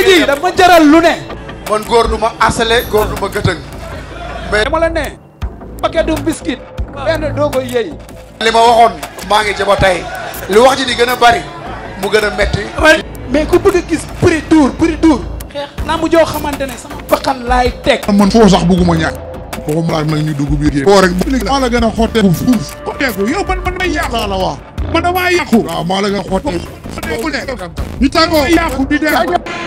lamb ji daf ma jaral lu ne. ma asale góor ma mais dama la ne. paquet du biscuit. benn doo ko Lima li ma ngi jaba tey. li wax ji di gën bari mu gën metti. mais ku bëgg gis prix dur prix dur. xeex mu joo xamante sama bakkan laay teg. man sax biir. rek la yow man man may la wax. man damaa yàqu. waaw maa la nga xottee. ñu tàggoo yàqu di dee.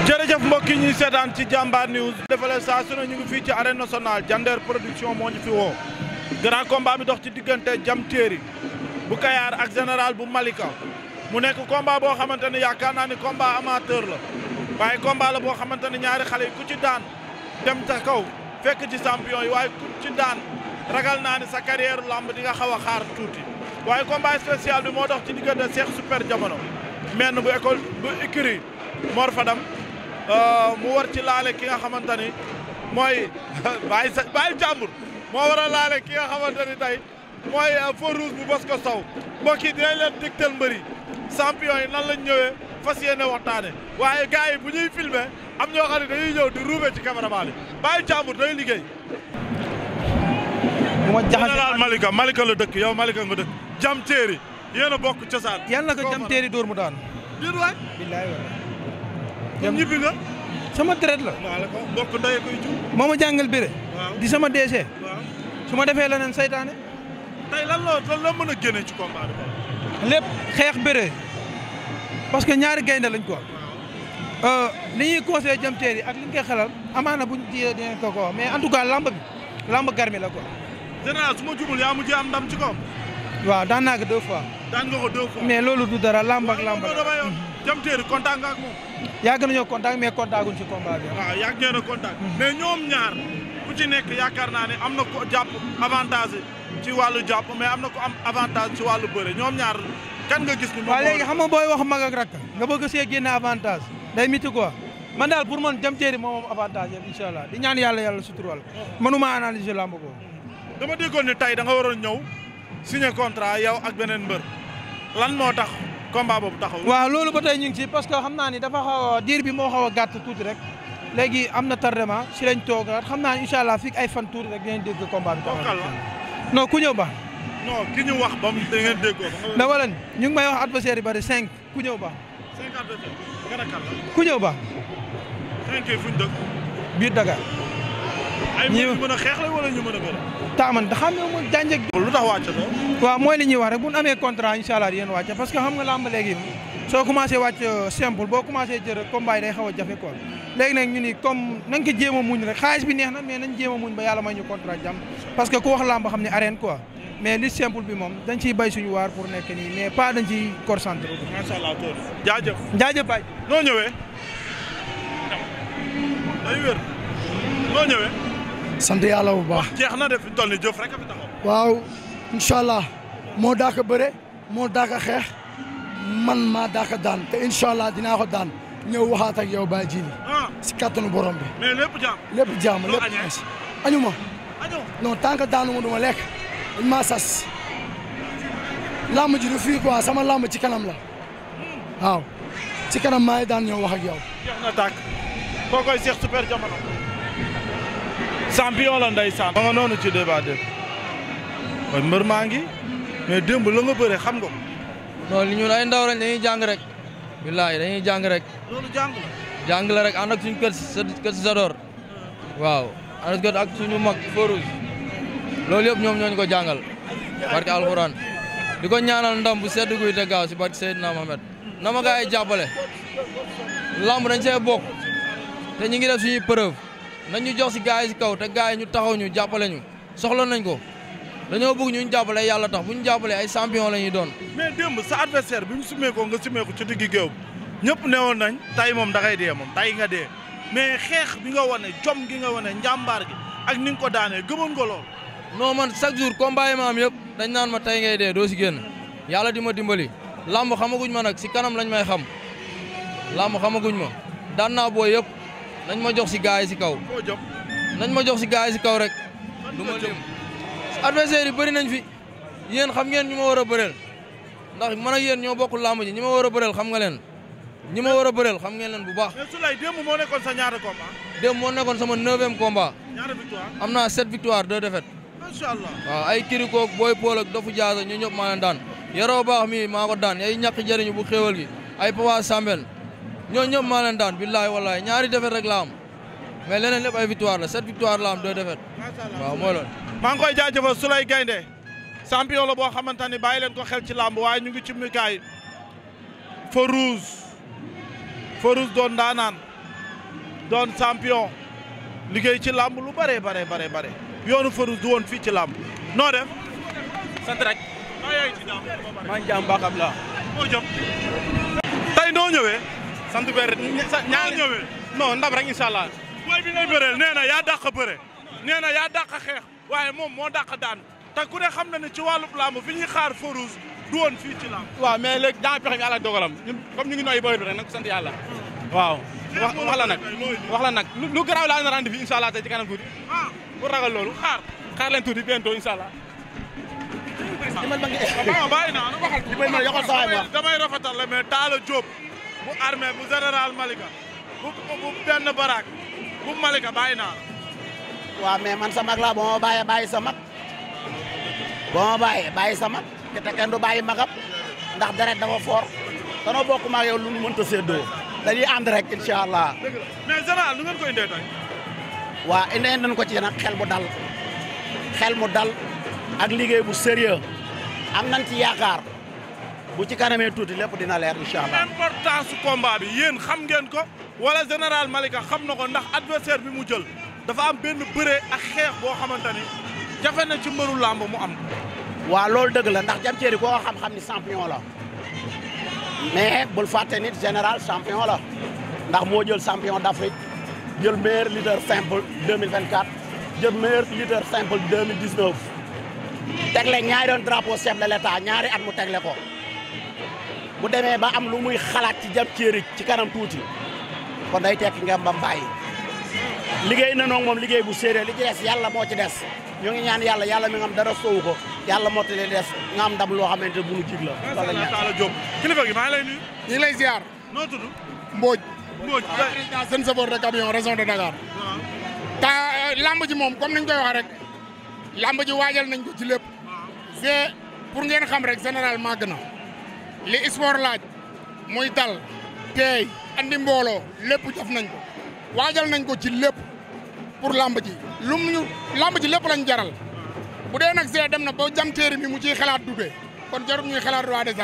jërëjëf mbokk yi seetaan ci Jambaar News. defalee saa su ñu ngi fii ci arène national Jander production moo ñu fi woo. grand combat bi dox ci diggante Jam Téeri bu Kayar ak général bu Malika. mu nekk combat boo xamante ne yaakaar naa ni combat amateur la. waaye combat la boo xamante ne ñaari xale yi ku ci daan dem ta kaw fekk ci champion yi waaye ci daan ragal naa ni sa carrière lamb di nga xaw a xaar tuuti. waaye combat spécial bi moo dox ci diggante Cheikh Super Jamono menn bu école bu écurie Mor Fadam euh, mu war ci laale ki nga xamante ni mooy bàyyi sa bàyyi jàmbur moo war a laale ki nga xamante ni tey mooy euh, feu rouge bu Bosco Sow mbokk yi dinañ leen digtal mbëri champion yi nan lañ ñëwee fas yéene waxtaane waaye gars yi bu ñuy filmer am ñoo xam ne dañuy ñëw di ruube ci cameraman yi bàyyi jàmbur day liggéey moo jaxase général Malika Malika la dëkk yow Malika nga dëkk. jam téeri yéen a bokk cosaan. yàlla ko jam téeri dóor mu daanu. biir waay. billaay waay. ñibbi sama deret la. bokk ndey koy moo ma jàngal bëre. di sama DC. su ma defee leneen saytaane. tey lan la lan la ci combat lépp xeex bëre parce que ñaari gaynde lañ ko euh, li ñuy conseillé jëm teer yi ak li ñu amaana buñ jiyee dinañ ko ko mais en tout cas lamb bi lamb garmi la ko général su ma jumul yaa mujjee am ndam ci ko waaw daan naa ko deux fois. daan nga ko deux fois mais loolu du dara lamb ak lamb jam téeri contact nga ak moom. yàgg nañoo contact mais contact guñ ci combat bi. waaw yàgg a mm-hmm. mais ñoom ñaar ku ci nekk yaakaar naa ne am na ko jàpp avantage ci wàllu jàpp mais am na ko am avantage ci wàllu bëre ñoom ñaar kan nga gis. ni moom waaw léegi xam nga booy wax mag ak rakk nga bëgg see génne avantage day miti quoi man daal pour man jam téeri moo avantage yëpp incha di ñaan yàlla yàlla sutural oh. manuma analyser lamb boobu. dama déggoon ni tey da nga waroon ñëw signé contrat yow ak beneen mbër lan moo tax combat boobu taxaw. waaw loolu ba tey ñu ngi ci parce que xam naa ni dafa xaw diir bi moo xaw a gàtt tuuti rek léegi am na tardement ci lañ toogaat xam naa ni incha allah fii ay fan tuuti rek dinañ dégg combat bi. taxaw non ku ñëw ba. non ki ñu wax ba mu da ngeen déggoo. dama leen ñu ngi may wax adversaire yu bëri cinq ku ñëw ba. ku ñëw ba. cinq yi fu ñu dëkk. biir Dakar. ñi mën a xeex la wala ñu mën a bëre. taaman xam nga moom jànjeg. lu tax wàccatoo. waaw mooy li ñuy wax rek bu ñu amee contrat incha allah di leen wàcc parce que xam nga làmb léegi soo commencé wàcc euh, simple boo commencé jër combat yi day xaw a jafe quoi léegi nag ñu ni comme nañ ko jéem a muñ rek xaalis bi neex na mais nañ jéem a muñ ba yàlla may ñu contrat jàmm parce que ku wax làmb xam ne arène quoi. mais li simple bi moom dañ ciy bay suñu waar pour nekk nii mais pas dañ ciy concentré. macha allah tool jaajëf. jaajëf Baye. noo noo ñëwee. sant yàlla bu baax. jeex na de fi toll jëf rek waaw incha allah moo daaka bëre moo daaka xeex man maa daaka daan te incha allah dinaa ko daan ñëw waxaat ak yow baa Djily. Ah. si kattanu borom bi. mais lépp jaam. lépp jaam añu ma. añu non tant que daanu lekk dañ maa sas. làmb ji du fii quoi sama làmb ci kanam la hmm. waaw ci kanam maa ngi daan ñëw wax ak champion la ndeysaan. ma nga noonu ci débat démb mbër maa ngi mais démb la nga bëre xam nga ko. non ay ndaw rek dañuy jàng rek. billaay dañuy jàng rek. loolu jàng rek ànd ak suñu kër sa kër sa door. waaw ak suñu mag Farouz. loolu yëpp ñoom ñooñu ko jàngal. barke alxuraan. di ko ñaanal ndam bu sedd guy te gaaw si barke Seydina Mohamed. na ma gaa yi lamb dañ see bokk. te ñu ngi def suñuy preuve. nañ ñu jox si gars yi si kaw te gars yi ñu taxaw ñu jàppale ñu soxla nañ ko dañoo bëgg ñu jàppale yàlla tax bu ñu jàppalee ay champion la ñuy doon. mais démb sa adversaire bi mu sumee ko nga sumee ko ci digg géew ñëpp newoon nañ tay moom da ngay dee moom tay nga dee mais xeex bi nga wane jom gi nga wane njàmbaar gi ak ni nga ko daanee gëmoon nga lool. non man chaque jour combat yi yëpp dañ naan ma tay ngay dee doo si génn yàlla di ma dimbali làmb xamaguñ ma nag si kanam lañ may xam làmb ma nañ ma jox si gars yi si kaw. nañ ma jox si gars yi si rek. du ma lim adversaire yi bëri nañ fi yéen xam ngeen ñu ma war a bëreel ndax man ak yéen ñoo bokk làmb ji ñi ma war a bëreel xam nga leen. ñi ma war a bëreel xam ngeen leen bu baax. mais Souleye démb moo nekkoon sa ñaata combat. démb moo nekkoon sama neuvième combat. ñaata am naa sept victoire deux défaites. macha ay kirikoog booy pool ak dofu jaasa ñu ñëpp maa leen daan. yaroo baax mi maa ko daan ay ñàkk jëriñu bu xéewal gi ay Papa Sambel ñoo ñëpp maa leen daan billaay wallaay ñaari défaite rek la am mais leneen lépp ay victoire la sept victoire la am deux défaite waaw mooy loolu maa ngi koy jaajëfal Souleye Gaynde champion la boo xamante ni bàyyi leen ko xel ci làmb waaye ñu ngi ci mikaay Farouz Farouz doon daanaan doon champion liggéey ci làmb lu bare bare bare bare yoonu Farouz du woon fii ci làmb noo def sant rek maa ngi jàmm baaxam la sant bëre ñaar ñëwee. non ndam rek incha allah. booy bi ngay bëreel nee na yaa dàq bëre. nee na yaa dàq xeex waaye moom moo dàq daan te ku ne xam na ne ci wàllub làmb fi ñuy xaar Faurouz du woon fii ci làmb. waaw mais léegi dans pexe bi àll ak dogalam ñun comme ñu ngi nooy booy bi rek nag sant yàlla. waaw wax la nag wax nag lu garaaw laa leen rendez-vous incha allah tey ci kanam tuuti. bu ah. ragal loolu xaar xaar leen tuuti bientôt incha allah. li ma la bëgg a a yi damay rafetal bu armée bu général Malika bu benn baraak bu Malika bàyyi naa la. waaw mais man sa mag laa boo ma bàyyee bàyyi sa mag boo ma bàyyee bàyyi sa ndax deret dafa fort danoo bokk ma yow lu mu mënta séddoo dañuy ànd rek incha allah. mais général indee tey. waa indee nañ ko ci nag xel mu dal xel mu dal ak liggéey bu sérieux am nañ ci yaakaar. bu ci kanamee tuuti lépp dina leer incha allah. importance su combat bi yéen xam ngeen ko wala général Malika xam na ko ndax adversaire bi mu jël dafa am benn bëree ak xeex boo xamante ni jafe na ci mbëru làmb mu am. waaw loolu dëgg la ndax Diam Terry koo xam-xam ni champion la mais bul fàtte nit général champion ndax moo jël champion d'Afrique jël meilleur leader simple 2024 jël meilleur leader simple 2019 tegle ñaari doon drapeau chef de l'état ñaari at mu tegle ko. bu demee ba am lu muy xalaat ci jam céeri ci kanam tuuti kon day tekki ngembam bàyyi liggéey na noog moom liggéey bu séeréer li ci des yàlla moo ci des ñu ngi ñaan yàlla yàlla mi nga dara sowu ko yàlla mottali des nga am ndam loo xamante bu nu jig la loolu la taala Diop kilifa gi maa ngi lay nuyu ñu lay ziar noo tudd Mbodj Mbodj président seen sabor de camion région de Dakar ta euh, lamb ji moom comme niñ koy wax rek lamb ji waajal nañ ko ci lépp c'est pour ngeen xam rek généralement gën a li sport laaj muy dal teey andi mbooloo lépp jëf nañ ko waajal nañ ko ci lépp pour làmb ji lu mu ñu làmb ji lépp lañ jaral bu dee nag see dem na ba jam teeri mi mu ciy xalaat dubee kon jarul ñuy xalaat roi des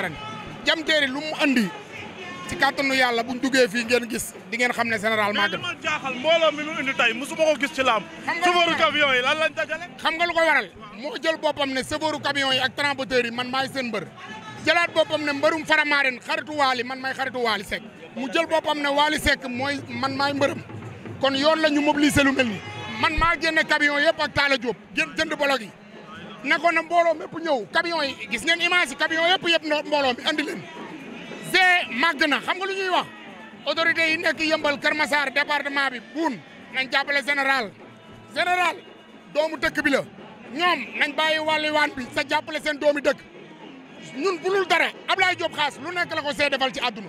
jam teeri lu mu andi ci kàttanu yàlla bu duggee fii ngeen gis di ngeen xam ne général maa gën. jaaxal mbooloo mi mu indi tey musuma ko gis ci làmb. xam nga lu ko yi lan lañ dajale. xam nga lu ko waral moo jël boppam ne chauffeur camion yi ak transporteurs yi man maay seen mbër. jëlat bopam ne mbërum faramaren xaritu wali man may xaritu wali sek. mu jël bopam ne wali sek moy man may mbërëm kon yoon lañu mobiliser lu melni man ma génne camion yépp ak tala Diop gën jënd bolog yi ne ko na mbolo mepp ñew camion yi gis ngeen image camion yépp yépp no mbolo mi andi leen zé magna xam nga lu ñuy wax autorité yi nek yëmbal kermassar département bi bun nañ jappalé général général doomu dëkk bi la ñom nañ bayyi wali waan bi sa jappalé sen doomu dëkk ñun bu dul dara Ablaye Diop xaas lu nekk la ko see defal ci àdduna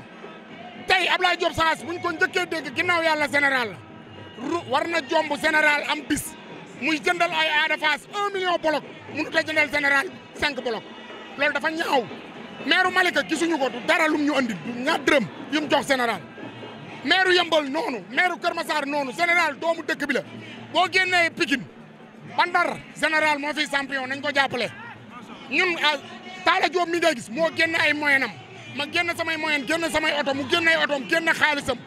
tey Ablaye Diop xaas buñ ko njëkkee dégg ginnaaw yàlla général la war na jomb général am bis muy jëndal ay Ada Fass un million bolok mënut a jëndal général cinq bolok loolu dafa ñaaw maire Malika gisuñu ko du dara lum ñu andi du ñaar dërëm yu mu jox général maire Yembal noonu maire Kër Massar noonu général doomu dëkk bi la boo génnee Pikine ba Ndar général moo fi champion nañ ko jàppale ñun ah, Talla Diop mi ngay gis moo génn ay moyen am ma génn samay moyen génn samay oto mu génn ay oto mu génn xaalisam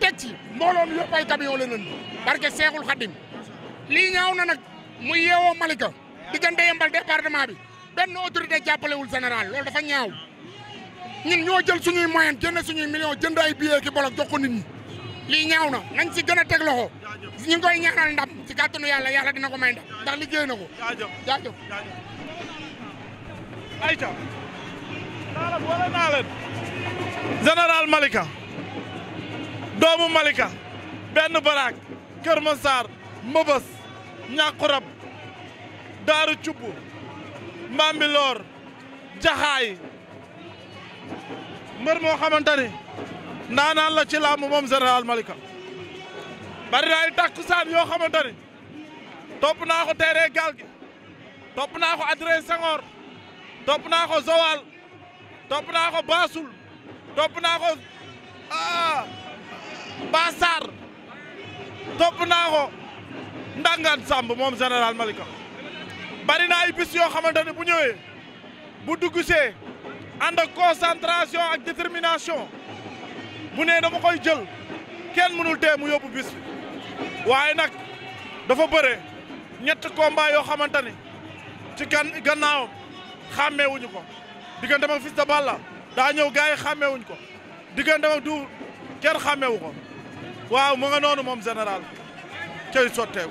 teg ci mbooloom yëpp ay camion la leen barke Seexul Xadim lii ñaaw na nag mu yeewoo Malika diggante yembal département bi benn autorité jàppalewul général loolu dafa ñaaw ñun ñoo jël suñuy moyen génn suñuy million jënd ay billets ki bolok jox ko nit ñi lii ñaaw na nañ si gën a teg loxo ñu ngi koy ñaanal ndam si kàttanu yàlla yàlla dina ko may ndam ndax liggéey na ko jaajëf ayca naa leen wala naa leen général Malika doomu Malika benn baraak Kër Masar Mbëbës Ñàqurab Daaru Cubb Mbambilor Jaxaay mbër moo xamante ni ndaanaan la ci làmb moom général Malika bari na ay takkusaan yoo xamante ni topp naa ko teree gaal gi naa ko adresse Senghor top nako ko Joal nako basul ko nako topp naa ko ah, Bassar topp naa ko Ndangaan Samb mom general Malika bari na ay bis yo xamante bu ñewé bu duggsee and ak concentration ak détermination mu né dama koy jël kenn mënul té mu bis nak dafa bëré ñett combat yo ci kan, gan xàmmeewuñu ko diggante ak Fils de Balla daa ñëw gars yi xàmmeewuñu ko diggante ak du kenn xàmmeewu ko waaw mu nga noonu moom général cay sotteew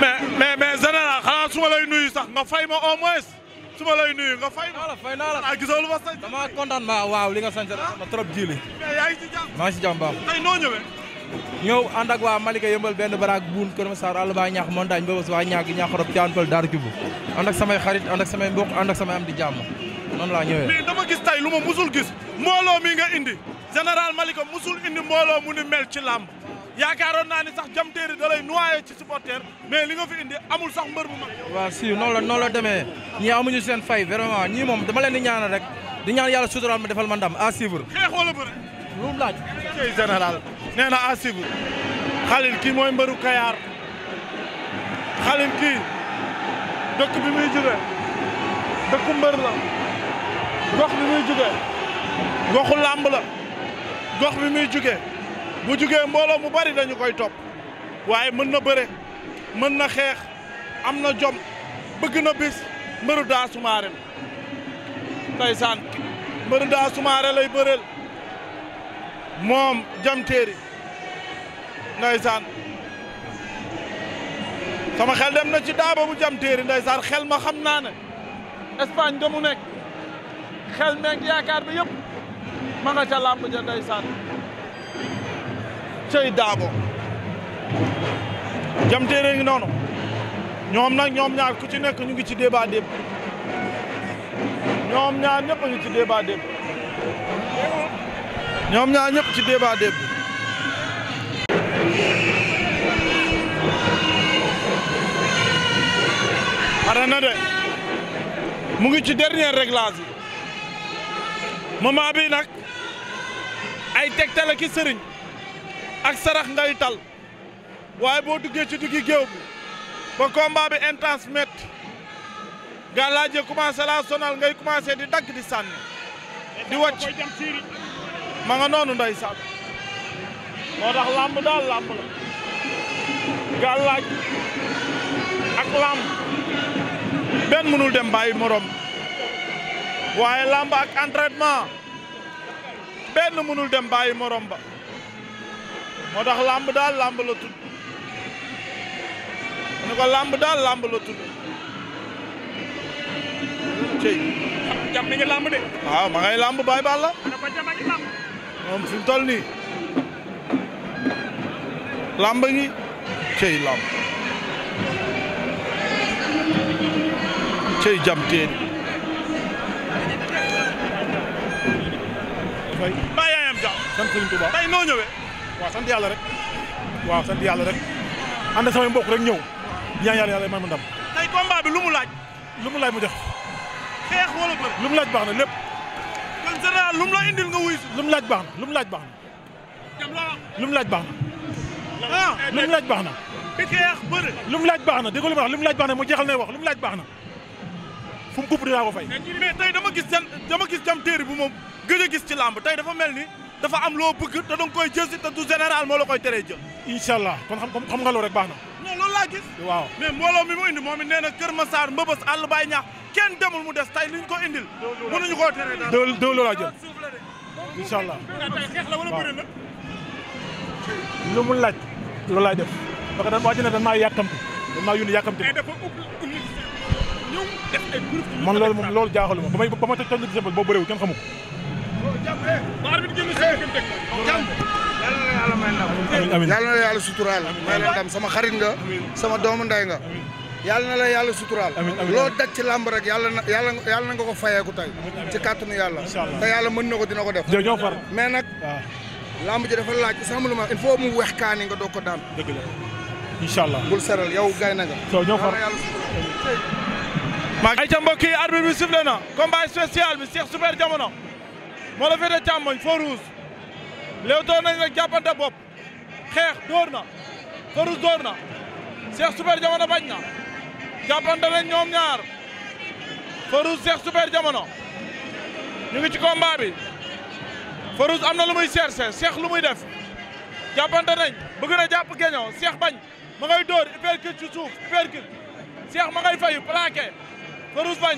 mais mais mais général xanaa su ma lay nuyu sax nga fay ma au moins suma lay nuyu nga fay ma. fay naa la ah lu ma sañ. damaa kontaan ma waaw li nga sañ ma trop jiili. mais ci jàmm. maa ci jàmm baax. tey noo ñëwee. ñëw ànd ak waa Malika yëmbal ya, ya, benn baraak buun Kër Massar àll ba ñaax montagne boobu si waa ñaax ñaax rob caan kibu ak samay xarit ak samay mbokk ak samay am di mais ya. dama gis lu ma musul gis mi nga indi Malika musul indi mbooloo mu ni mel ci yaakaaroon naa ni sax jam téeri da lay noyé ci supporter mais li nga fi indi amul sax mbër bu mag waaw si noonu la noonu la demee ñii amuñu seen fay vraiment ñii moom dama leen di ñaanal rek di ñaan yàlla suturaal ma defal ma ndam à suivre xeex wala bëre lu laaj cey général nee na à suivre xalil kii mooy mbëru kayaar xalil kii dëkk bi muy jóge dëkku mbër la gox bi muy jóge goxu làmb la gox bi muy jóge bu jugee mbooloo mu bari dañu koy topp waaye mën na bëre mën na xeex am na jom bëgg na bis mbëru daa sumaare la lay bëreel moom jam téeri ndeysaan sama xel dem na ci daaba bu jam téeri ndeysaan xel ma xam naa ne Espagne mu nekk xel meeg yaakaar bi yëpp ma nga ca làmb ja ndeysaan cay Dabo jam téere ngi noonu ñoom nag ñoom ñaar ku ci nekk ñu ngi ci débat déb ñoom ñaar ñëpp ñu ci débat déb ñoom ñaar ñëpp ci débat déb pare na mu ngi ci dernier réglage yi bi nag ay tegtal ki i ak sarax ngay tal waye bo duggé ci duggi gëw bi ba combat bi intense métti gàllaaj yi ya commencé la sonal ngay commencé di dag di sanni di wacc ma nga nonu nday sa moo tax làmb daal la gàllaaj ak lamb ben mënul dem baye morom waye lamb ak entraînement ben mënul dem baye morom ba moo tax làmb daal làmb la tudd mu ne ko làmb daal làmb la tudd cey jam mi ngi làmb de waaw ma ngay làmb baay baal mu toll nii làmb ngi cey làmb cey jam teeri fay baa yaayam jam sant Sëriñ waaw sant yàlla rek yàlla rek ànd samay mbokk rek ñëw ñaan yàlla yàlla may ma ndam. tey combat bi lu mu laaj. lu mu laaj mu jox. lu mu laaj baax na lépp. lu mu la nga wuyu si. laaj baax lu mu laaj baax na. dem la lu mu laaj baax na. ah lu mu laaj baax na. bi xeex lu laaj baax na déggoo wax lu mu laaj baax na mu jeexal nay wax lu mu laaj baax na. fu mu bubb dinaa ko fay. mais tey dama gis seen dama gis jam téere bu moom gëj a gis ci làmb tey dafa mel ni dafa am loo bëgg te danga koy jël si te du général moo la koy teree jël. incha allah kon xam nga loolu rek baax na. non loolu laa gis. waaw mais mbooloo mi mu indi moom it nee na Kër Massar Mbëbës àll baay ñaax kenn demul mu des tay li ñu ko indil. mënuñu koo teree dara doo doo loola jël. incha allah waaw lu mu laaj loolu laay def parce que dañ waa ji ne dañ maa yàkkamti dañ maa yónni yàkkamti man loolu moom loolu jaaxaluma ba may ba ma toj toj boo bëréewu kenn xamu ko ba arbitre yàlla na la yàlla suturaal may la ndam sama xarit nga sama doomu ndey nga yàlla na la yàlla suturaal loo daj ci làmb rek yàlla na yàlla yàlla na nga ko fayeeku tey ci kàttanu yàlla te yàlla mën na ko dina ko def mais nag ah. làmb ji dafa laaj sama lu ma il wex kaani nga doog ko daan dëgg la incha allah na nga ñoo far ay ca mbokk yi arbitre bi sifflé na combat spécial bi Cheikh Super moo la féete càmmoñ feu rouge léewtoo nañ rek jàppante bopp xeex dóor na feu rouge dóor na Cheikh Super Jamono bañ na jàppante nañ ñoom ñaar feu rouge Cheikh Super Jamono ñu ngi ci combat bi feu am na lu muy cherché Cheikh lu muy def jàppante nañ bëgg na jàpp geñoo Cheikh bañ ma ngay dóor uppercut ci suuf uppercut Cheikh ma ngay fayu plaqué feu rouge bañ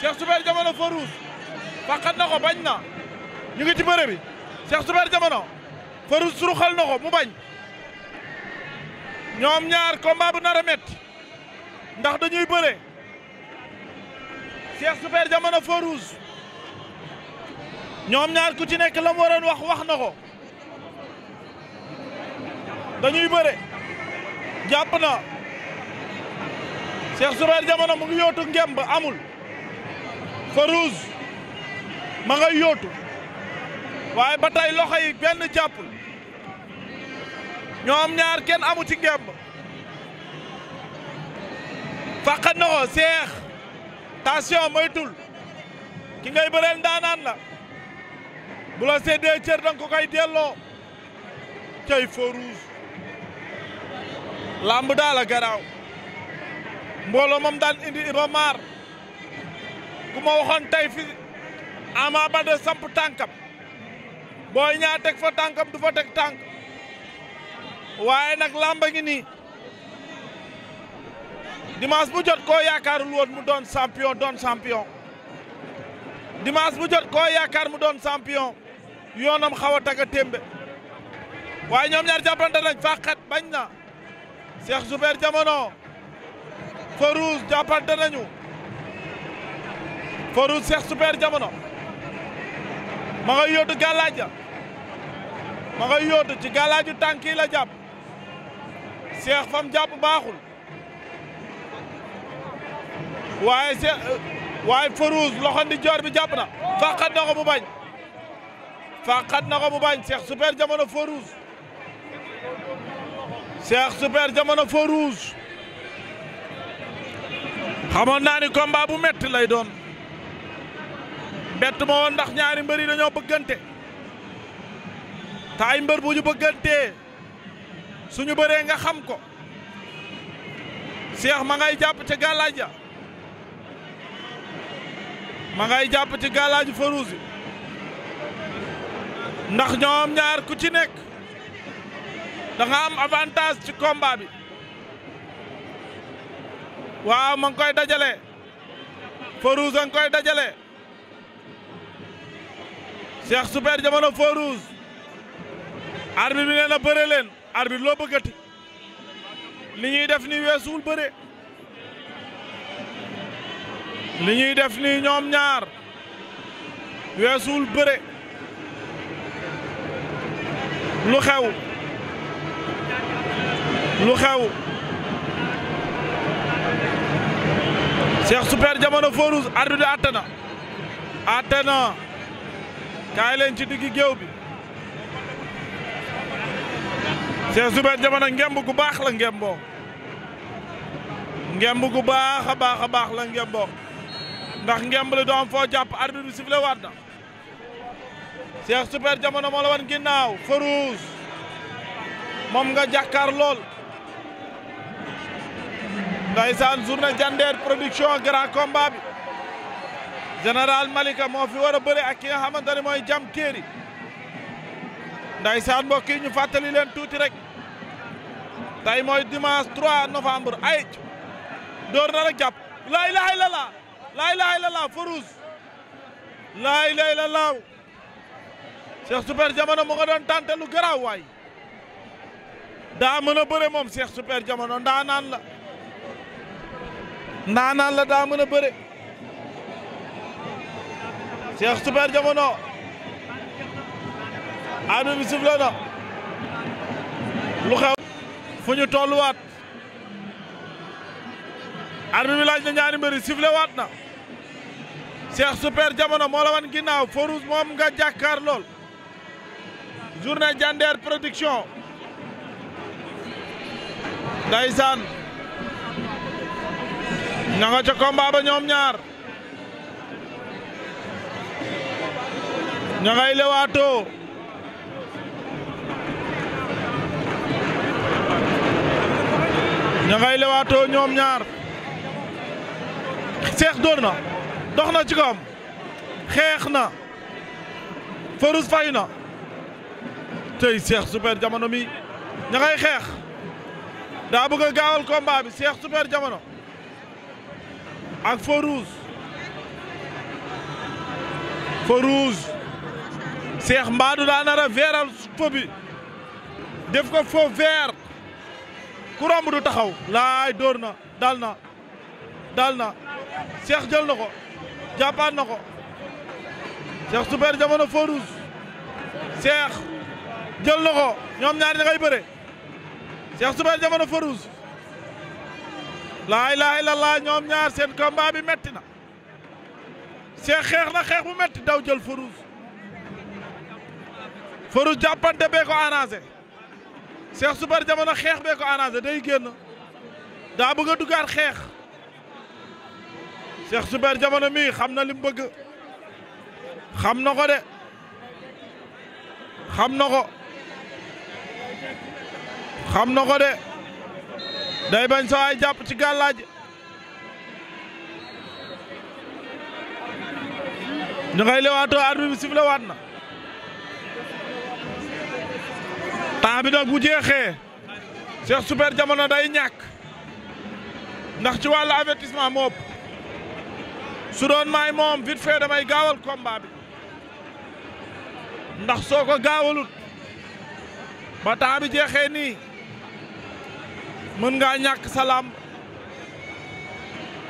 Cheikh Super Jamono feu rouge faqat na bañ naa ñu ngi ci bëre bi Cheikh Super Jamono faru suruxal na ko mu bañ ñoom ñaar combat bu nar a ndax dañuy bëre Cheikh Super Jamono Farouz ñoom ñaar ku ci nekk la wax wax na ko dañuy bëre jàpp na Cheikh Super Jamono mu ngi yootu ngemb amul Farouz ma ngay yóotu waaye ba tey loxo yi benn jàppul ñoom ñaar kenn amu ci ngemb fàqa na ko seex tension moytul ki ngay bëreel ndaanaan la bu la seddee cër danga ko koy delloo cay feu làmb daal a garaaw mbooloo moom daan indi Iba Mar ku ma waxoon tey fi Ama pada samp tankam Boy Niang tek fa tankam du fa tek tank waye nak lamba ngi ni dimas bu jot koo yaakaarul won mu don champion don champion Dimas bu jot ko yaakar mu don champion Yonam xawa a taga témbe waaye ñaar jappante nañ fàqat bañ na Cheikh Super Jamono Farouz jappante nañu Farouz Cheikh Super Jamono ma ngay yóotu gàllaaj ja ma ngay yóotu ci gàllaaju tànk la jàpp seex fam jàpp baaxul waaye se waaye Farouz loxo ndi joor bi jàpp na fàqat na ko mu bañ fàqat na ko mu bañ Cheikh Super Jamono Farouz Cheikh Super Jamono Farouz xamoon naa ni combat bu metti lay doon bett ma ndax ñaari mbër yi dañoo bëggante te ay mbër bu ñu bëggantee suñu bëree nga xam ko Cheikh ma ngay jàpp ca gàllaaj ja ma ngay jàpp ci gàllaaju Farouzi ndax ñoom ñaar ku ci nekk danga am avantage ci combat bi waaw ma ngi koy dajale Farouzi nga koy dajale Cheikh Super Diamono feu rouge arbitre bi nee na bëre leen arbitre loo li ñuy def ni weesuwul bëre li ñuy def ni ñoom ñaar weesuwul bëre lu xew lu xew Cheikh Super Diamono feu rouge arbitre bi àtte na àtte kaay leen ci diggi Cheikh Super Diamana ngemb gu baax la ngemboo ngemb gu baax a baax la ngemboo ndax ngemb li doom foo jàpp arbitre bi sifflé Cheikh Super Diamana moo la wan ginnaaw Farouz moom nga jàkkaar lool ndaysaan journée production grand combat général Malika moo fi war a bëre ak ki nga xamante ne mooy jam téeri ndaysaan mbokk yi ñu fàttali leen tuuti rek tey mooy dimanche 3 novembre ay door na rek jàpp laa ilaha illallah laa ilaha illallah lay laa ilaha illallah Cheikh Super Jamono mu doon tànte lu garaw waay daa mën a bëre moom Cheikh Super Jamono ndaanaan la ndaa ndaanaan la daa mën a bëre Cheikh Super Diamono arbitre bi sifflé na lu xew fu ñu tolluwaat arbitre bi laaj na ñaari mbëri sifflé waat na Cheikh Super Diamono moo la wan ginnaaw Farouz moom nga jàkkaar lool journée Diender production ndaysaan ña nga ca combat ñoom ñaar ña ngay lewaatoo ña ngay lewaatoo ñoom ñaar seex dóor na dox na ci kawam xeex na Farouz fay na tey Cheikh Super Diamono mi ña ngay xeex daa bëgg a gaawal combat bi Cheikh Super Diamono ak Farouz Farouz Cheikh Mbadou daa nar a veeral feu bi def ko feu vert ku romb du taxaw laay dóor na dal na dal na Cheikh jël na ko jàppaat na ko Cheikh Super Diamono feu rouge Cheikh jël na ko ñoom ñaar da ngay bëre Cheikh Super Diamono feu rouge laa ilaaha illallah ñoom ñaar seen combat bi metti na Cheikh xeex na xeex bu metti daw jël feu rouge Farouz jàppante bee ko arrangé Cheikh Super Diamono xeex bee ko arrangé day génn daa bëgg a duggaat xeex Cheikh Super Diamono mii xam na li mu bëgg xam na ko de xam na ko xam na ko de day bañ sa waay jàpp ci gàllaaj ñu ngay lewaatoo arbitre bi siflewaat na tabi do bu jexé Cheikh Super jamono day ñak ndax ci wàllu avertissement mop su doon may mom vite fait damay gawal combat bi ndax soko gawalut ba tabi jexé ni mën nga ñak salam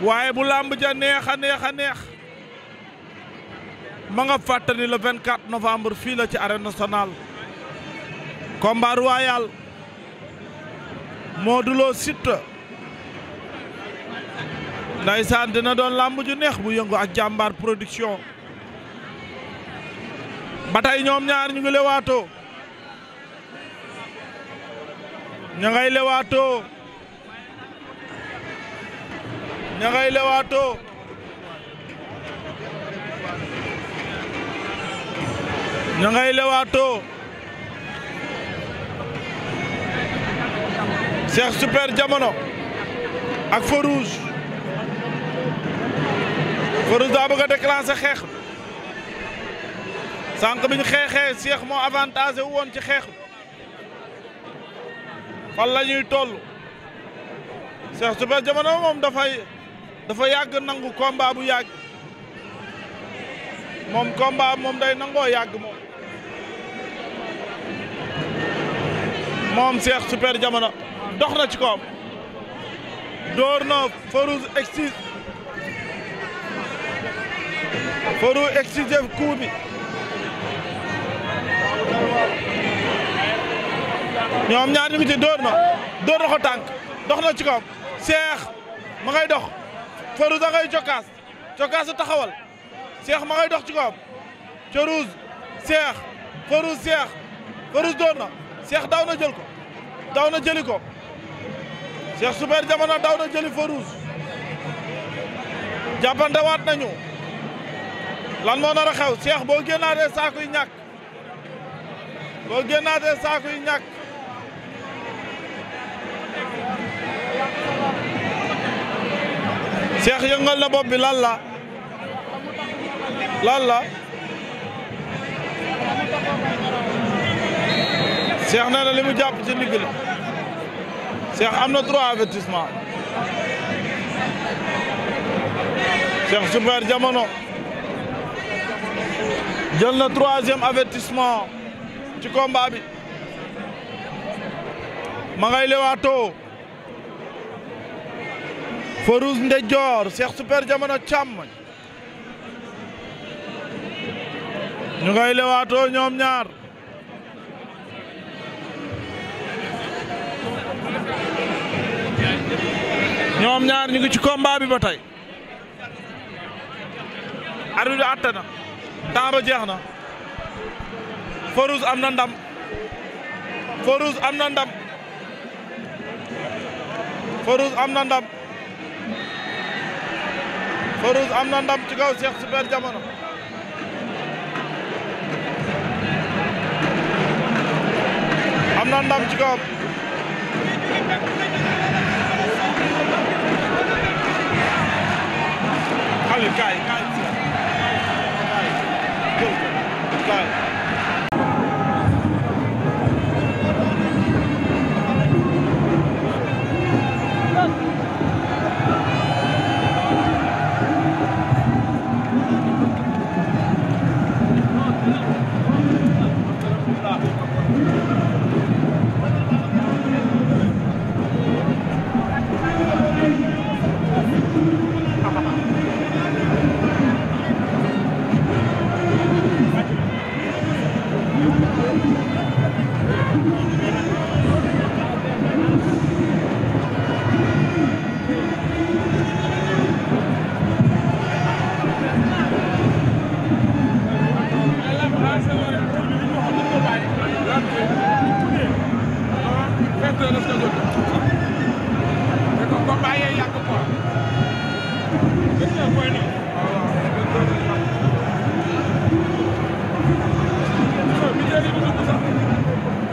waye bu lamb ja neex neex neex ma nga fatani le 24 novembre fi la ci arena nationale combat royal Modou Lo Siteu ndaysaan dina doon làmb ju neex bu yëngu ak jàmbaar production ba tey ñoom ñaar ñu ngi lewaatoo ña ngay lewaatoo ña Cheikh Super Diamono ak Feu Rouge Feu Rouge daa bëgg a déclencher xeex bi sànq bi ñu xeexee Cheikh moo avantage wu woon ci xeex bi fan la ñuy toll Cheikh Super Diamono moom dafay dafa yàgg nangu combat bu yàgg moom combat moom day nangoo yàgg moom moom Cheikh Super Diamono dox na ci koom door na Farouz exige Farouz exige coup bi ñoom ñaar ñu ngi ci door na door na ko tànk dox na ci koom Cheikh ma ngay dox Farouz da ngay jokkaas jokkaas a taxawal Cheikh ma ngay dox ci koom Farouz Cheikh Farouz Cheikh Farouz door na Cheikh daw na jël ko daw na jëli ko Cheikh Super Diamano daw na jëli feu rouge jàppandewaat nañu lan moo nar a xew Cheikh boo génnaatee saako yi ñàkk boo génnaatee saako yi ñàkk Cheikh yëngal na bopp bi lan la lan la Cheikh nee na li mu jàpp ci ndigg Cheikh amna trois avertissement Cheikh Super Diamono jël le troisième avertissement tu combat bi ma ngay lewaatoo Cheikh Super Diamono càmmoñ ñu ngay lewaatoo ñoom ñaar ñoom ñaar ñu ngi ci combat bi ba tey arbitre bi àtte na temps ba jeex na Farouz am na ndam Farouz am na ndam Farouz am na ndam Farouz am na ndam ci kaw Cheikh Super Jamono am na ndam ci kawam 他就干一干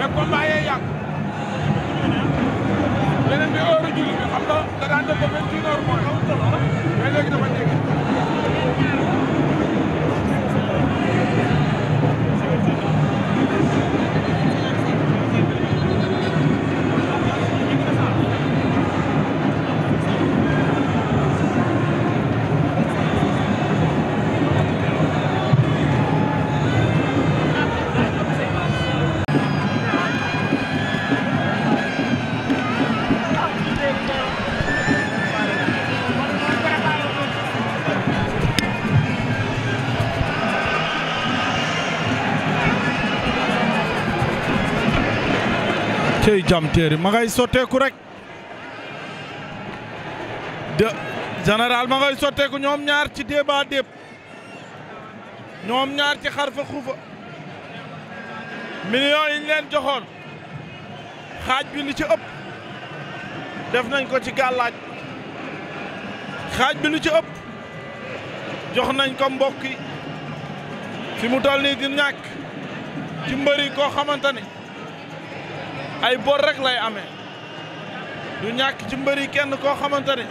nag combat yee yàgg beneen bi heure julli bi xam nga da daan def ba vingt une heures mais léegi dafa jege jam teeri ma ngay sotteeku rek de général ma sotteeku ñoom ñaar ci déeba déeb ñoom ñaar ci xarfa xufa millions yi ñu leen joxoon xaaj bi lu ci ëpp def nañ ko ci gàllaaj xaaj bi lu ci ëpp jox nañ ko mbokk yi fi mu toll nii di ñàkk ci mbëri koo xamante ni ay bor rek lay amé du ñak ci mbeuri kenn ko xamante ni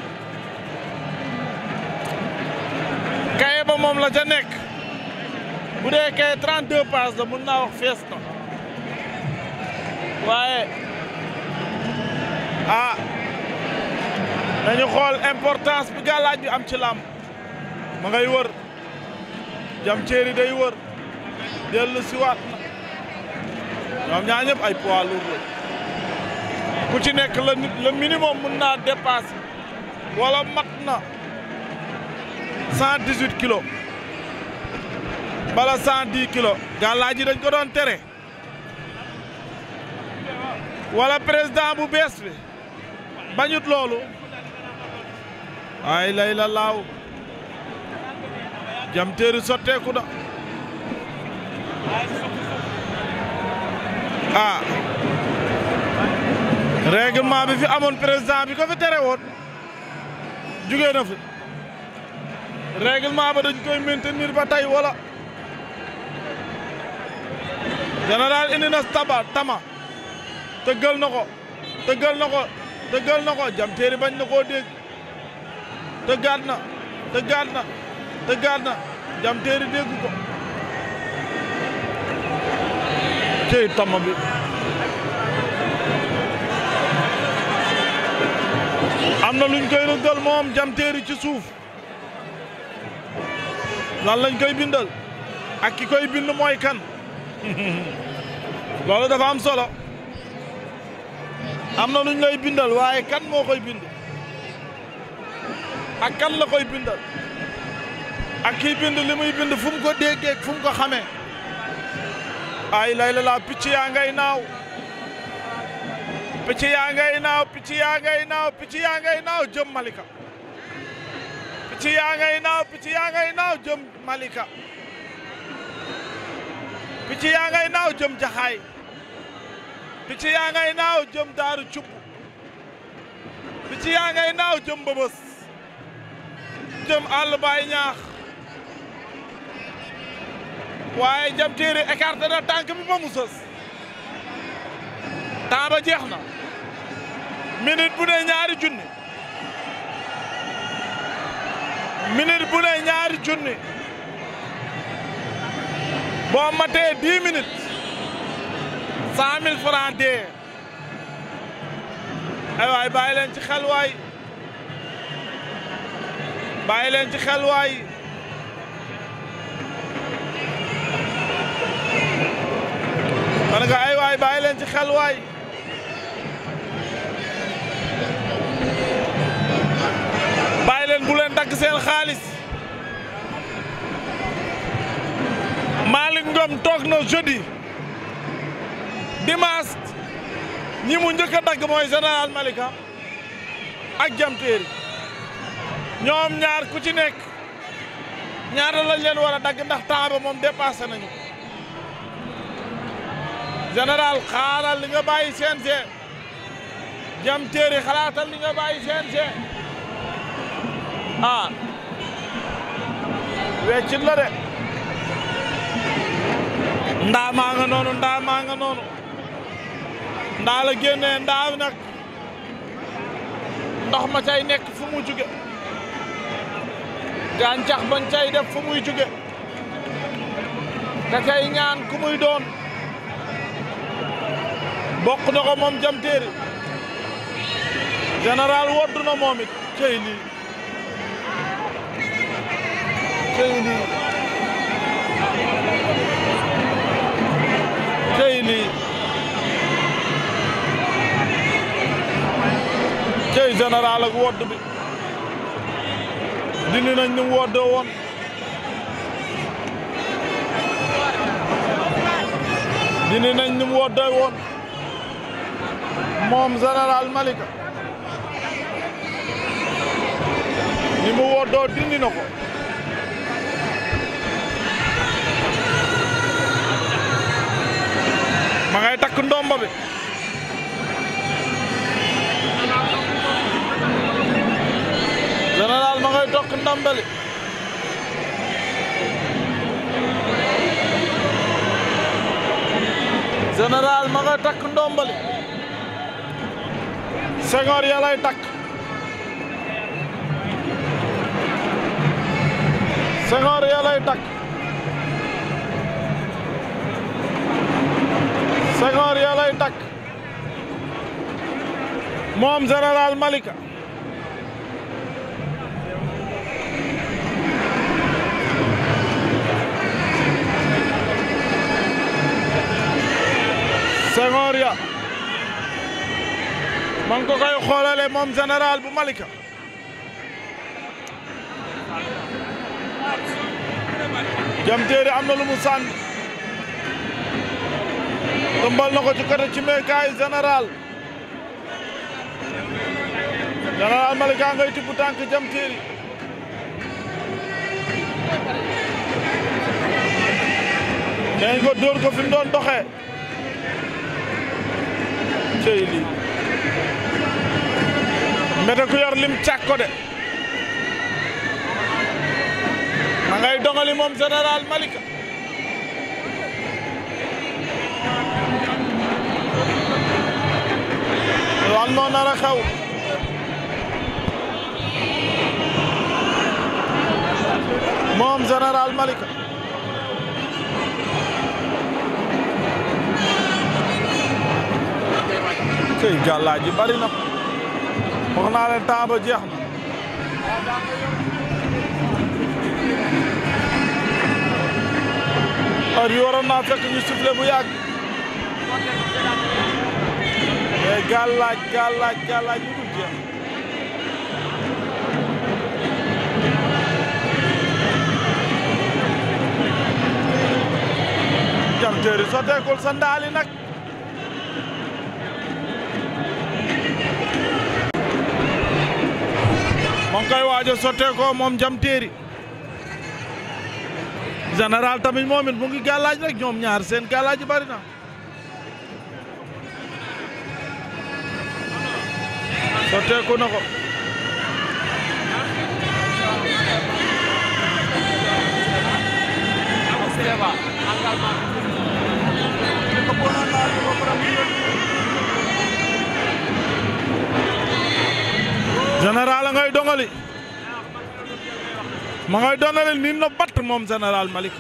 ba mom la ja nek bu dee kaye 32 pass la mun naa wax fiesta waye waaye ah dañu xol importance bi gàllaaj bi am ci lamb ma ngay wër jam ciéri day wër delu ci wat ñoom ñaar ñëpp ay poids lourds ku ci nekk la le minimum mun naa dépassé wala mat na cent dix huit kilos bala cent dix kilos gàllaa ji dañ ko doon tere wala président bu bees bi bañut loolu ay lay la laaw jam teeri sotteeku da ah règlement bi fi amoon président bi ko fi tere woon jugee na fi règlement ba dañ koy maintenir ba tey wala général indi na taba tama tëggal na ko te tëggal na ko tëggal na ko jam téeri bañ na koo dégg tëggaat na tëggaat na tëggaat na jam téeri dégg ko cey tama bi am na luñ koy rëggal moom jam téeri ci suuf lan lañ koy bindal ak ki koy bind mooy kan loolu dafa am solo am na luñ lay bindal waaye kan moo koy bind ak kan la koy bindal ak kiy bind li muy bind fu mu ko déggee fu mu ko xamee ay lay la laa picc yaa ngay naaw picc yaa ngay naaw picc yaa ngay naaw picc yaa ngay naaw jëm Malika picc yaa ngay naaw picc yaa Jaxaay picc yaa ngay naaw Daaru Cubb picc yaa ngay naaw jëm Mbëbës jëm àll baay ñaax waaye Diam Terry na tànk bi ba mu sës ba jeex na minute bu ne ñaari junni minute bu ne ñaari junni boo ma dix minutes cent mille francs dee ay waay bàyyi leen ci xel waay bàyyi leen ci xel waay man nga ay waay bàyyi leen ci xel waay bàyyi leen bu leen dagg seen xaalis Malick Ngom toog na jeudi dimanche ñi mu njëkk a dagg mooy général Malika ak jamtéeri ñoom ñaar ku ci nekk ñaata lañ leen war a dagg ndax temps moom dépassé nañu général xaaral li nga bàyyi CNG jam téeri xalaatal li nga bàyyi CNG ah weccit la de ndaa nga noonu ndaa maa nga noonu ndaa la génnee ndaa ndox ma cay nekk fu mu jóge gàncax bañ cay def fu muy jóge ka cay ñaan ku muy doon bokk na ko moom jam téeri général na moom it lii tey lii tey lii tey ak wodd bi dindi nañ woddoo woon dindi nañ ni mu moom général Malika ni mu woddoo dindi ko ma ngay takk ndomba bi général ma ngay tokk ndambali général takk ndombali Senghor ya lay takk Senghor ya lay takk moom général Malika Senghor ya man xoolale moom général bu Malika Diam Terry am na lu mu sànni tëmbal na ko ci côté ci meekaay général général Malika ngay tibb tànk jam téeri dañ ko dóor ko fi mu doon doxee cey lii mbete ku yor lim càkk de ma ngay dongali moom général Malika lan moo nar a moom général Malika tey gàllaaj ji bari na wax ba jeex na heure yi waroon naa fekk ñu bu yàgg gàllaaj gàllaaj gàllaaj yu dul jeex jam teeri soteekul sa nag moom kay waajo soteekoo moom jam teeri général tamit moom it mu ngi gàllaaj rek ñoom ñaar seen gàllaaj yi bari sotteeku na ko général a ngay dongali ma ngay dongali niin no batt moom général Malick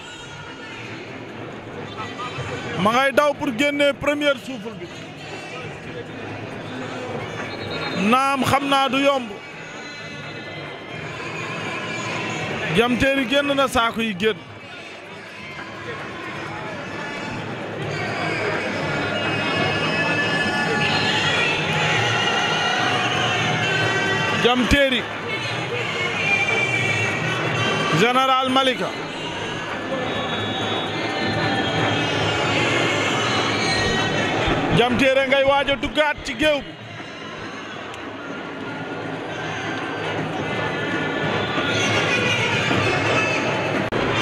ma ngay daw pour génne première souffle bi naam xam naa du yomb jam génn na saako yi génn jam teeri général Malika jam ngay waaj a duggaat ci géew bi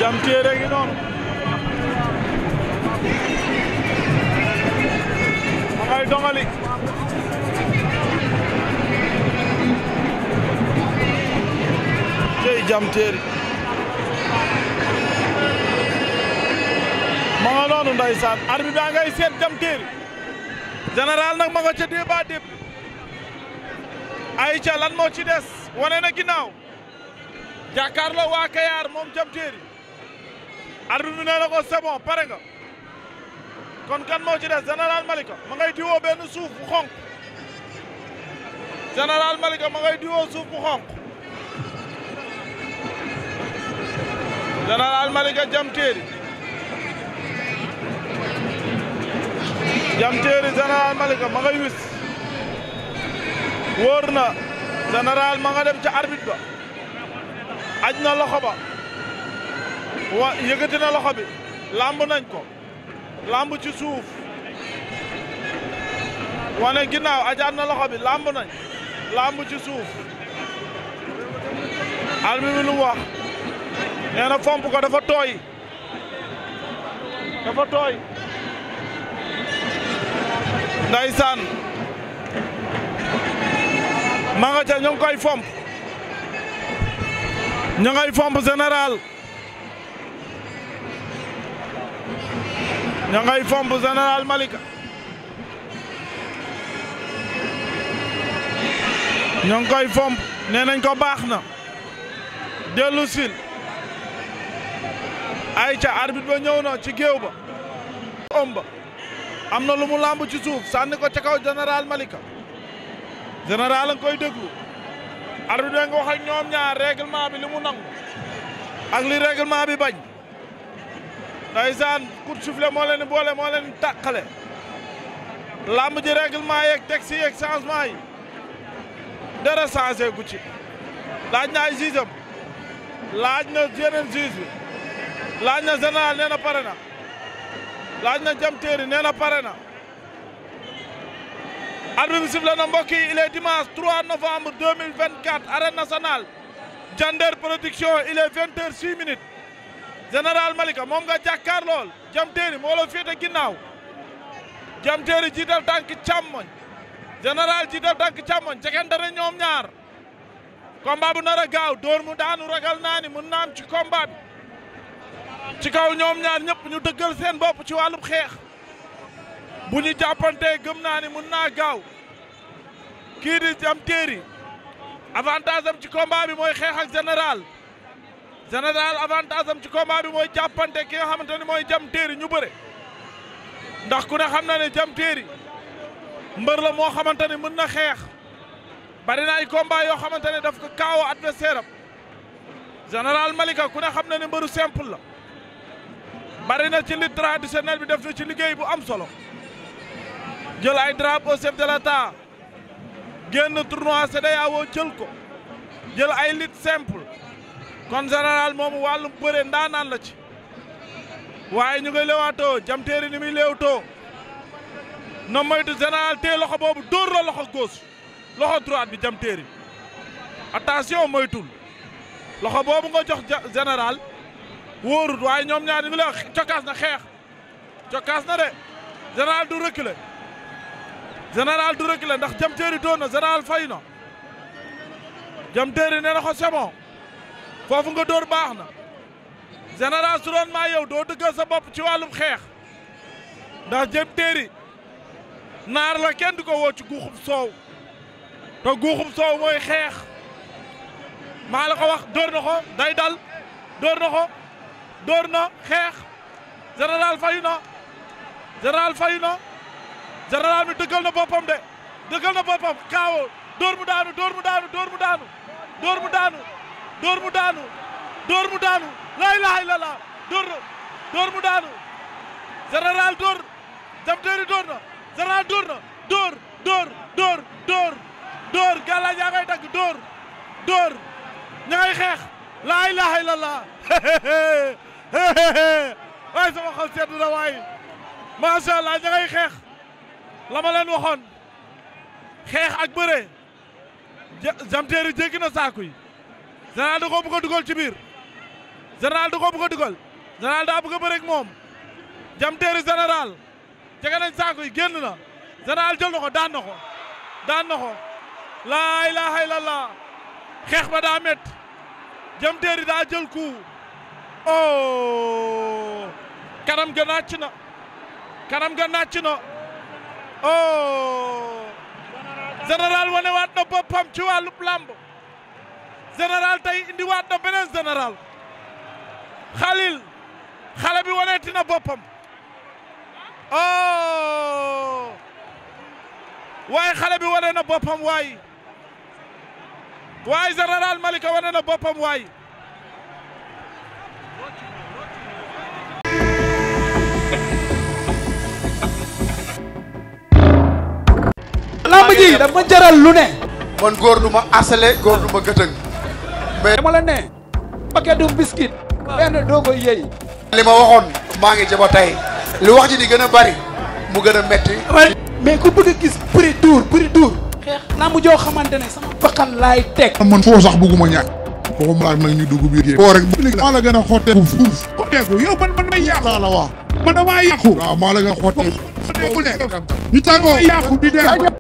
jam téere gi noonu ma ngay dongali jam téere ma nga noonu ndeysaan arbi baa ngay seet jam téere général nag ma nga ca débat ay ca lan moo ci des wane na ginnaaw jàkkaarloo waa Kayaar moom jam téere arbitre bi nee na ko c'est bon pare nga kon kan moo ci des général Malika ma ngay diwoo benn suuf bu xonq général Malika ma ngay diwoo suuf bu xonq général Malika jam ma ngay wis wóor na général ma nga dem ca arbitre ba aj na loxo ba wa yëkkati na loxo bi làmb nañ ko làmb ci suuf wane ginnaaw ajaat na loxo bi làmb nañ làmb ci suuf albi bi lu fomp ko dafa tooy dafa tooy ndaysaan ma nga ca ñu ngi koy fomp ñu fomp général ña ngay fomp général Malika ña ngi fomp nee nañ ko baax na dellu sil ay ca arbitre ba ñëw na ci géew ba om am na lu mu làmb ci suuf sànni ko ca kaw général Malika général a nga koy déglu arbitre nga wax ak ñoom ñaar règlement bi li mu nangu ak li règlement bi bañ ndeysaan coup de sifflet moo leen boole moo leen tàqale làmb ji règlement yeeg texte yeeg changement yi dara changé gu ci laaj na ay laaj na yeneen juge bi laaj na général nee na pare na laaj na jam téeri na pare na arbitre bi sifflé na mbokk yi il est dimanche 3 novembre 2024 arène nationale Diender production il est 20 heures 6 minutes général Malika moom nga jàkkaar lool jam téeri moo la féete ginnaaw jam téeri jiital tànk càmmoñ général jiital tànk càmmoñ jegante na ñoom ñaar combat bu nar a gaaw dóor mu daanu ragal naa ni naam ci combat bi ci kaw ñoom ñaar ñëpp ñu dëggal seen bopp ci wàllum xeex bu ñu jàppantee gëm naa ni naa gaaw kii jam téeri avantage ci combat bi mooy xeex ak général avantage ci combat bi mooy jàppante ki nga xamante ne mooy jam téeri ñu bëre ndax ku ne xam na ne jam téeri mbër la moo xamante ne mën na xeex bari na ay combat yoo xamante ne daf ko kaawo adversaire am général Malika ku ne xam na ne mbëru simple la bari na ci lutte traditionnelle bi def na ci liggéey bu am solo jël ay drapeau chef de l'État génn tournoi CEDEAO jël ko jël ay lutte simple kon général moomu wàllum bëre ndaanaan la ci waaye ñu ngi leewaatoo jam teeri ni muy leewtoo na moytu général tee loxo boobu dóor la loxo gauche loxo droite bi jam teeri attention moytul loxo boobu nga jox général wóorut waaye ñoom ñaar ñu ngi la na xeex cokkaas na de général du reculer général du reculer ndax jam teeri doon na général fay na jam teeri nee na foofu nga dóor baax na général su doon maa yow doo dëggal sa bopp ci wàllum xeex ndax jëm téeri naar la kenn du ko woo guuxum soow te guuxum soow mooy xeex maa xa ko wax dóor na ko day dal dóor na ko dóor na xeex général fayu na général fayu na général dëggal na boppam de dëggal na boppam kaawoo dóor mu daanu dóor mu daanu dóor mu daanu dóor mu daanu dóor mu daanu dóor mu daanu laa ilaha illallah dóor na dóor mu daanu général dóor jam dóor na général dóor na dóor dóor dóor dóor dóor gàlla ñaa ngay dagg dóor dóor ña xeex laa ilaha illallah waaye sama xol seddu na waaye macha allah ña xeex la waxoon xeex ak bëre jamteeri jéggi na saaku yi général da koo bëgg a dugal ci biir général da koo bëgg daa bëgg a moom jam teeri général jege nañ yi génn na général jël na ko daan na ko daan na ko laa ilaha xeex ba daa met jam teeri daa jël ku oh kanam ga nàcc na kanam ga nàcc na oh général wane waat na boppam ci wàllu làmb général tey indiwaat na beneen général Khalil xale bi waneeti na boppam oh waaye xale bi wane na boppam waay waaye général Malika wane na boppam waay. lamb ji dama jaral lu ne. man góor du asale góor du ma mais dama la ne paquet du biscuit benn doo ko yëy li ma waxoon maa ngi ci ba tey li wax ji di gën a bari mu gën a metti mais ku bëgg gis bëri duur bëri duur xeex naa mu joo xamante ne sama bakkan laay teg man foo sax bugguma ñàkk waxuma laaj nag ñu dugg biir koo rek maa la gën a xotteeku fuuf xotteeku yow man man may yàqu la wax man damaa yàqu waaw maa la gën a xotteeku ñu tàggoo yàqu di dem